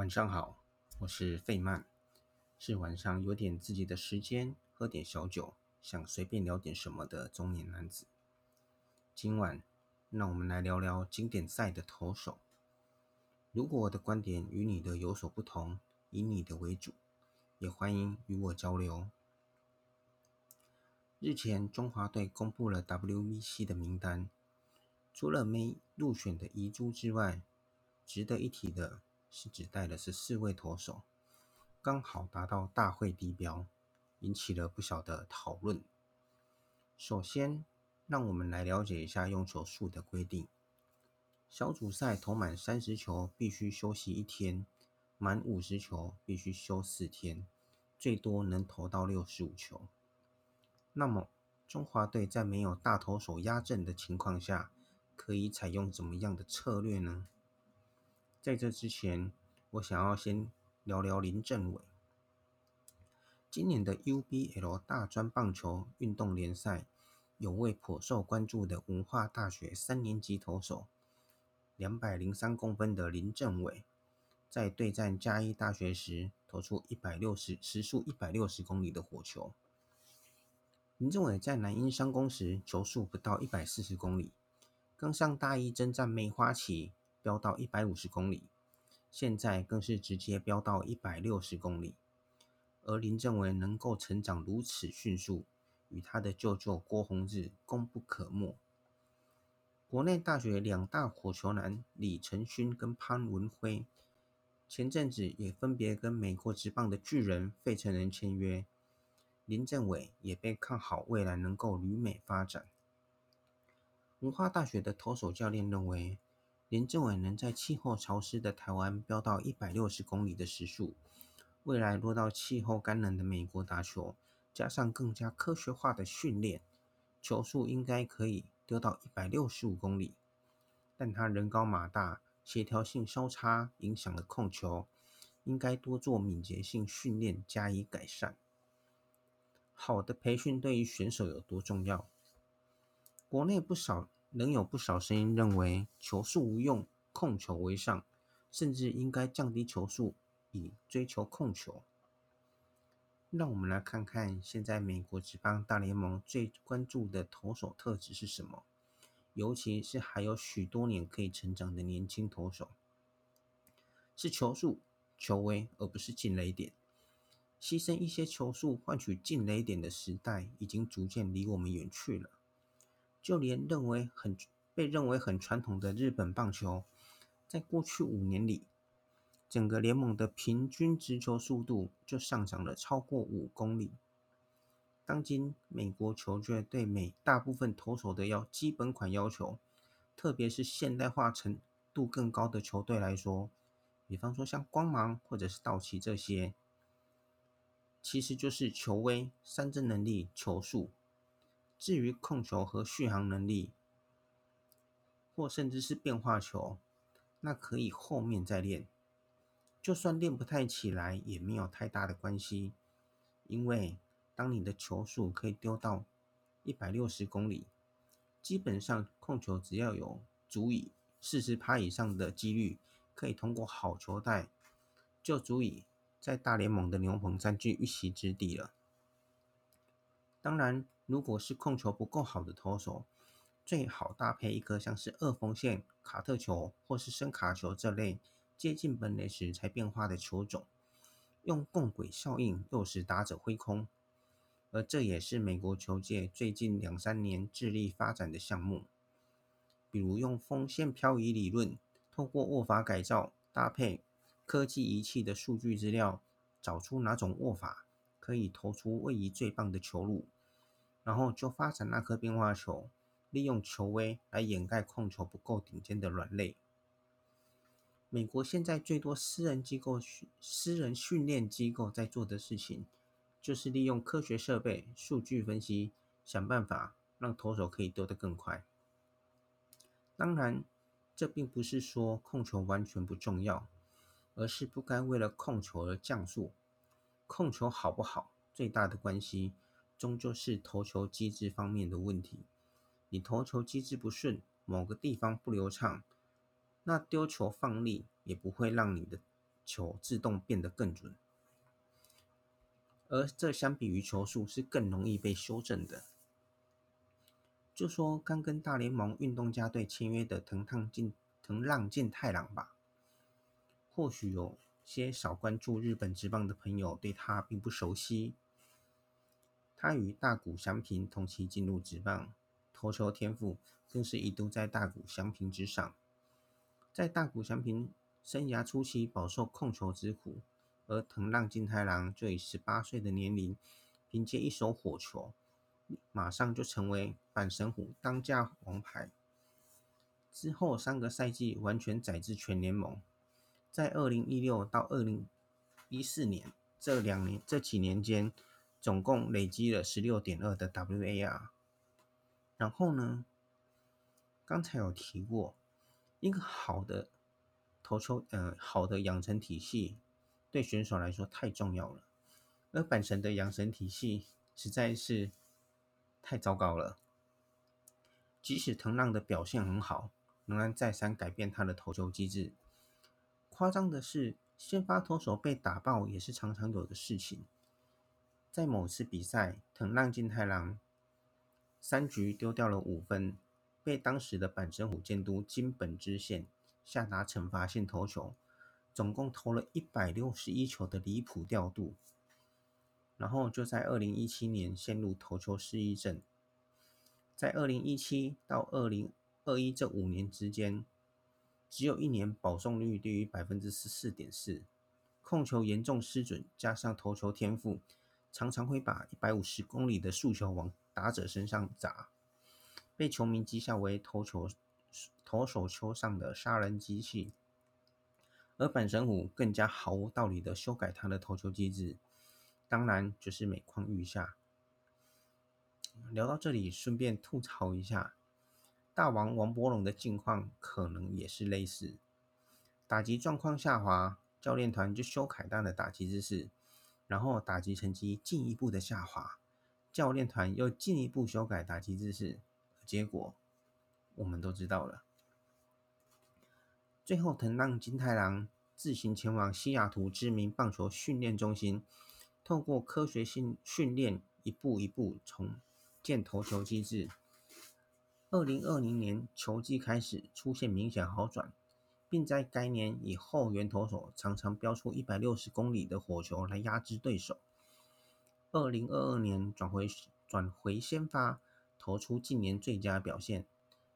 晚上好，我是費曼，是晚上有點自己的時間，喝點小酒，想隨便聊點什麼的中年男子。今晚，讓我們來聊聊經典賽的投手。如果我的觀點與你的有所不同，以你的為主，也歡迎與我交流。日前，中華隊公布了 WBC 的名單，除了沒入選的遺珠之外，值得一提的，是指帶的是十四位投手，剛好達到大會低標，引起了不小的討論。首先，讓我們來了解一下用球數的規定：小組賽投滿三十球必須休息一天，滿五十球必須休四天，最多能投到六十五球。那麼，中華隊在沒有大投手壓陣的情況下，可以採用怎麼樣的策略呢？在這之前，我想要先聊聊林政偉。今年的 UBL 大專棒球運動聯賽，有位頗受關注的文化大學三年級投手，兩百零三公分的林政偉，在對戰嘉義大學時投出一百六十時速一百六十公里的火球。林政偉在南英商工時球速不到一百四十公里，剛上大一征戰梅花旗，飆到一百五十公里，現在更是直接飆到一百六十公里。而林正偉能夠成長如此迅速，與他的舅舅郭泓志功不可沒。國內大學兩大火球男李承勳跟潘文輝，前陣子也分別跟美國職棒的巨人、費城人簽約。林正偉也被看好未來能夠旅美發展。文化大學的投手教練認為。林正偉能在氣候潮濕的台灣飆到一百六十公里的時速，未來若到氣候乾冷的美國打球，加上更加科學化的訓練，球速應該可以丟到一百六十五公里。但他人高馬大，協調性稍差，影響了控球，應該多做敏捷性訓練加以改善。好的培訓對於選手有多重要？國內不少。仍有不少聲音認為，球速無用，控球為上，甚至應該降低球速以追求控球。讓我們來看看現在美國職棒大聯盟最關注的投手特質是什麼，尤其是還有許多年可以成長的年輕投手，是球速、球威，而不是進壘點。犧牲一些球速換取進壘點的時代，已經逐漸離我們遠去了。就連認為很被認為很傳統的日本棒球，在過去五年裡，整個聯盟的平均直球速度就上漲了超過五公里。當今美國球隊對美大部分投手的要基本款要求，特別是現代化程度更高的球隊來說，比方說像光芒或者是道奇這些，其實就是球威、三振能力、球速。至於控球和續航能力，或甚至是變化球，那可以後面再練。就算練不太起來，也沒有太大的關係，因為當你的球速可以丟到一百六十公里，基本上控球只要有足以四十趴以上的幾率，可以通過好球帶，就足以在大聯盟的牛棚佔據一席之地了。當然。如果是控球不夠好的投手，最好搭配一顆像是二縫線卡特球或是伸卡球這類接近本壘時才變化的球種，用共軌效應誘使打者揮空。而這也是美國球界最近兩三年致力發展的項目，比如用縫線漂移理論，透過握法改造搭配科技儀器的數據資料，找出哪種握法可以投出位移最棒的球路。然後就發展那顆變化球，利用球威來掩蓋控球不夠頂尖的軟肋。美國現在最多私人機構、私人訓練機構在做的事情，就是利用科學設備、數據分析，想辦法讓投手可以丟得更快。當然，這並不是說控球完全不重要，而是不該為了控球而降速。控球好不好，最大的關係。終究是投球機制方面的問題。你投球機制不順，某個地方不流暢，那丟球放力也不會讓你的球自動變得更準。而這相比於球速是更容易被修正的。就說剛跟大聯盟運動家隊簽約的藤浪晉藤浪晉太郎吧，或許有些少關注日本職棒的朋友對他並不熟悉。他與大谷翔平同期進入職棒，投球天賦更是一度在大谷翔平之上。在大谷翔平生涯初期飽受控球之苦，而藤浪晉太郎就以十八歲的年齡，憑借一手火球，馬上就成為阪神虎當家王牌。之後三個賽季完全載至全聯盟。在二零一六到二零一四年這兩年這幾年間。總共累積了十六點二的 WAR。然後呢，剛才有提過，一個好的投球，嗯、呃，好的養成體系對選手來說太重要了。而阪神的養成體系實在是太糟糕了。即使藤浪的表現很好，仍然再三改變他的投球機制。誇張的是，先發投手被打爆也是常常有的事情。在某次比賽，藤浪晉太郎三局丟掉了五分，被當時的阪神虎監督金本知憲下達懲罰性投球，總共投了一百六十一球的離譜調度，然後就在二零一七年陷入投球失憶症。在二零一七到二零二一這五年之間，只有一年保送率低於百分之十四點四，控球嚴重失準，加上投球天賦，常常會把一百五十公里的速球往打者身上砸，被球迷譏笑為投球投手丘上的殺人機器。而阪神虎更加毫無道理的修改他的投球機制，當然就是每況愈下。聊到這裡，順便吐槽一下，大王王柏融的近況可能也是類似，打擊狀況下滑，教練團就修改他的打擊姿勢。然後打擊成績進一步的下滑，教練團又進一步修改打擊姿勢，結果我們都知道了。最後，藤浪金太郎自行前往西雅圖知名棒球訓練中心，透過科學性訓練，一步一步重建投球機制。二零二零年，球技開始出現明顯好轉。並在該年以後，援投手常常飆出一百六十公里的火球來壓制對手。二零二二年轉回轉回先發，投出近年最佳表現，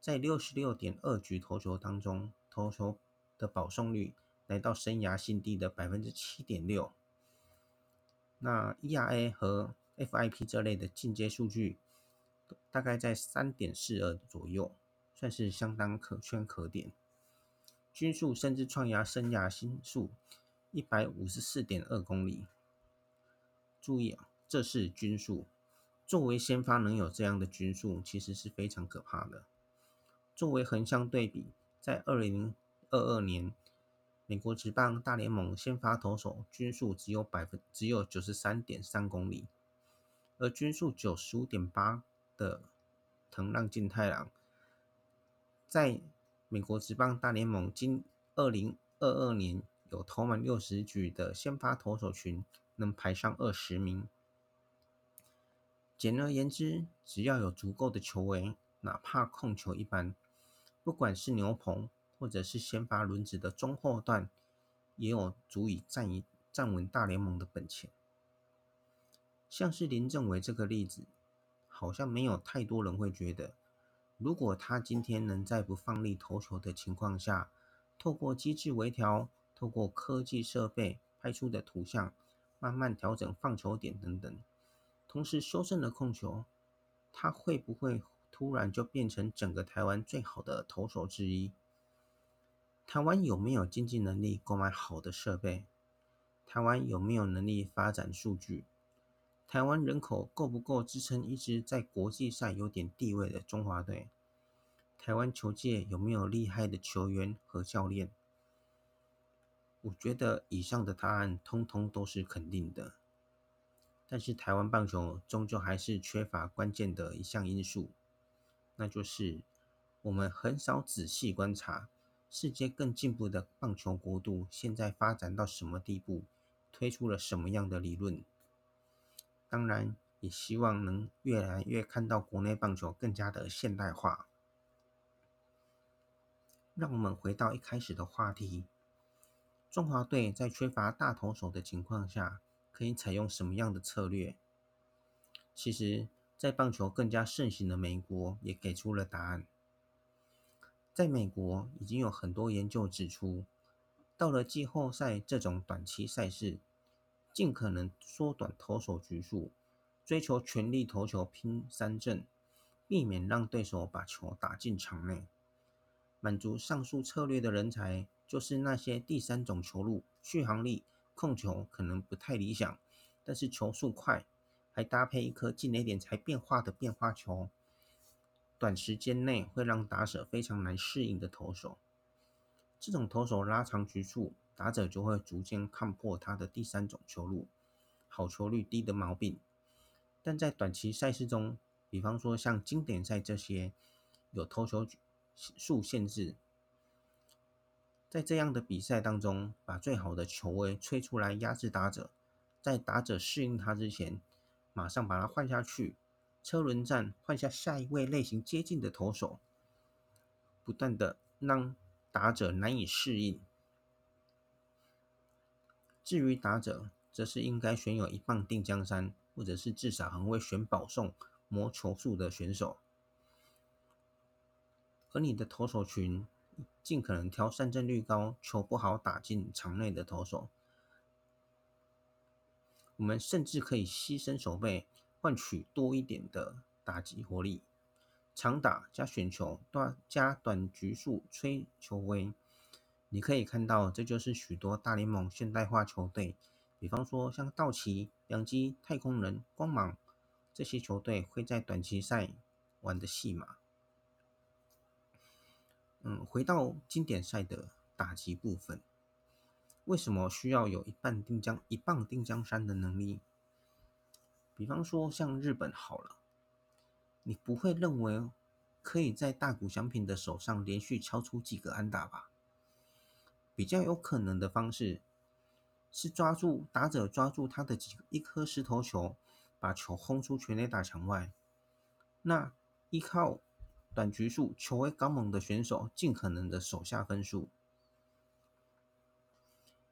在六十六點二局投球當中，投球的保送率來到生涯新低的百分之七點六。那 ERA 和 FIP 這類的進階數據，大概在三點四二左右，算是相當可圈可點。均數甚至創下生涯新數一百五十四點二公里。注意啊，這是均數。作為先發，能有這樣的均數，其實是非常可怕的。作為橫向對比，在二零二二年，美國職棒大聯盟先發投手均數只有百分只有九十三點三公里，而均數九十五點八的藤浪晉太郎，在美國職棒大聯盟今二零二二年，有投滿六十局的先發投手群，能排上二十名。簡而言之，只要有足夠的球威，哪怕控球一般，不管是牛棚或者是先發輪值的中後段，也有足以站一站穩大聯盟的本錢。像是林政偉這個例子，好像沒有太多人會覺得。如果他今天能在不放力投球的情況下，透過機制微調，透過科技設備拍出的圖像，慢慢調整放球點等等，同時修正了控球，他會不會突然就變成整個台灣最好的投手之一？台灣有沒有經濟能力購買好的設備？台灣有沒有能力發展數據？台灣人口夠不夠支撐一支在國際賽有點地位的中華隊？台灣球界有沒有厲害的球員和教練？我覺得以上的答案通通都是肯定的。但是台灣棒球終究還是缺乏關鍵的一項因素，那就是我們很少仔細觀察世界更進步的棒球國度現在發展到什麼地步，推出了什麼樣的理論。當然，也希望能越來越看到國內棒球更加的現代化。讓我們回到一開始的話題：中華隊在缺乏大投手的情況下，可以採用什麼樣的策略？其實，在棒球更加盛行的美國，也給出了答案。在美國，已經有很多研究指出，到了季後賽這種短期賽事。盡可能縮短投手局數，追求全力投球拼三振，避免讓對手把球打進場內。滿足上述策略的人才，就是那些第三種球路，續航力控球可能不太理想，但是球速快，還搭配一顆近壘點才變化的變化球，短時間內會讓打者非常難適應的投手。這種投手拉長局數，打者就會逐漸看破他的第三種球路，好球率低的毛病。但在短期賽事中，比方說像經典賽這些，有投球數限制。在這樣的比賽當中，把最好的球威吹出來壓制打者，在打者適應他之前，馬上把他換下去，車輪戰換下下一位類型接近的投手，不斷的讓打者難以適應。至於打者，則是應該選有一棒定江山，或者是至少很會選保送、磨球數的選手。而你的投手群，盡可能挑三振率高、球不好打進場內的投手。我們甚至可以犧牲守備，換取多一點的打擊火力。長打加選球，短加短局數，催球威。你可以看到，這就是許多大聯盟現代化球隊，比方說像道奇、洋基、太空人、光芒這些球隊會在短期賽玩的戲碼。嗯，回到經典賽的打擊部分，為什麼需要有一棒定江一棒定江山的能力？比方說像日本好了，你不會認為可以在大谷翔平的手上連續敲出幾個安打吧？比較有可能的方式是抓住打者，抓住他的幾一顆石頭球，把球轟出全壘打牆外。那依靠短局數、球威剛猛的選手，盡可能的守下分數。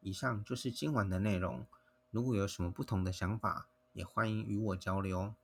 以上就是今晚的內容。如果有什麼不同的想法，也歡迎與我交流。